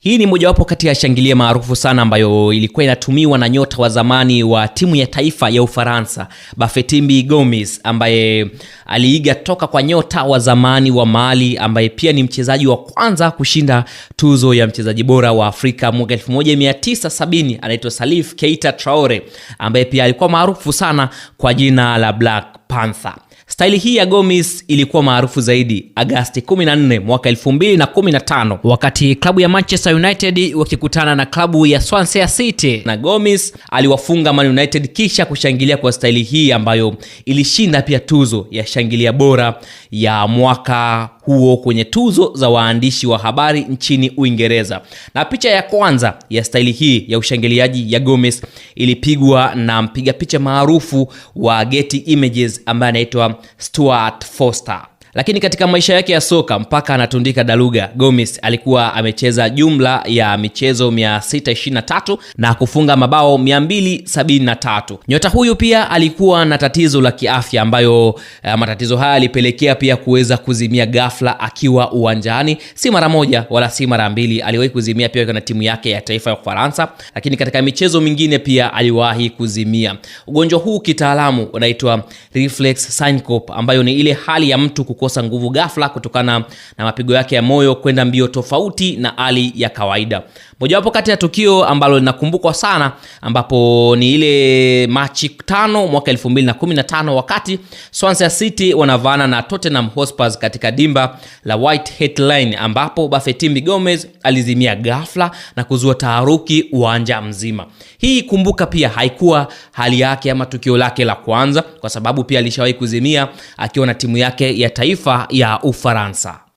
Hii ni mojawapo kati ya shangilia maarufu sana ambayo ilikuwa inatumiwa na nyota wa zamani wa timu ya taifa ya Ufaransa, Bafetimbi Gomis, ambaye aliiga toka kwa nyota wa zamani wa Mali ambaye pia ni mchezaji wa kwanza kushinda tuzo ya mchezaji bora wa Afrika mwaka 1970. Anaitwa Salif Keita Traore ambaye pia alikuwa maarufu sana kwa jina la Black Panther. Staili hii ya Gomis ilikuwa maarufu zaidi Agasti 14 mwaka 2015 wakati klabu ya Manchester United wakikutana na klabu ya Swansea City, na Gomis aliwafunga Man United kisha kushangilia kwa staili hii ambayo ilishinda pia tuzo ya shangilia bora ya mwaka huo kwenye tuzo za waandishi wa habari nchini Uingereza. Na picha ya kwanza ya staili hii ya ushangiliaji ya Gomis ilipigwa na mpiga picha maarufu wa Getty Images ambaye anaitwa Stuart Foster. Lakini katika maisha yake ya soka mpaka anatundika daluga, Gomis alikuwa amecheza jumla ya michezo 623 na kufunga mabao 273. Nyota huyu pia alikuwa na tatizo la kiafya ambayo eh, matatizo haya alipelekea pia kuweza kuzimia ghafla akiwa uwanjani, si mara moja wala si mara mbili. Aliwahi kuzimia pia na timu yake ya taifa ya Ufaransa, lakini katika michezo mingine pia aliwahi kuzimia. Ugonjwa huu kitaalamu unaitwa reflex syncope, ambayo ni ile hali ya mtu kukosa nguvu ghafla kutokana na mapigo yake ya moyo kwenda mbio tofauti na hali ya kawaida. Mojawapo kati ya tukio ambalo linakumbukwa sana ambapo ni ile Machi tano mwaka 2015 wakati Swansea City wanavaana na Tottenham Hotspur katika dimba la White Hart Lane ambapo Bafetimbi Gomez alizimia ghafla na kuzua taharuki uwanja mzima. Hii kumbuka pia haikuwa hali yake ama tukio lake la kwanza kwa sababu pia alishawahi kuzimia akiwa na timu yake ya taifa e ya Ufaransa.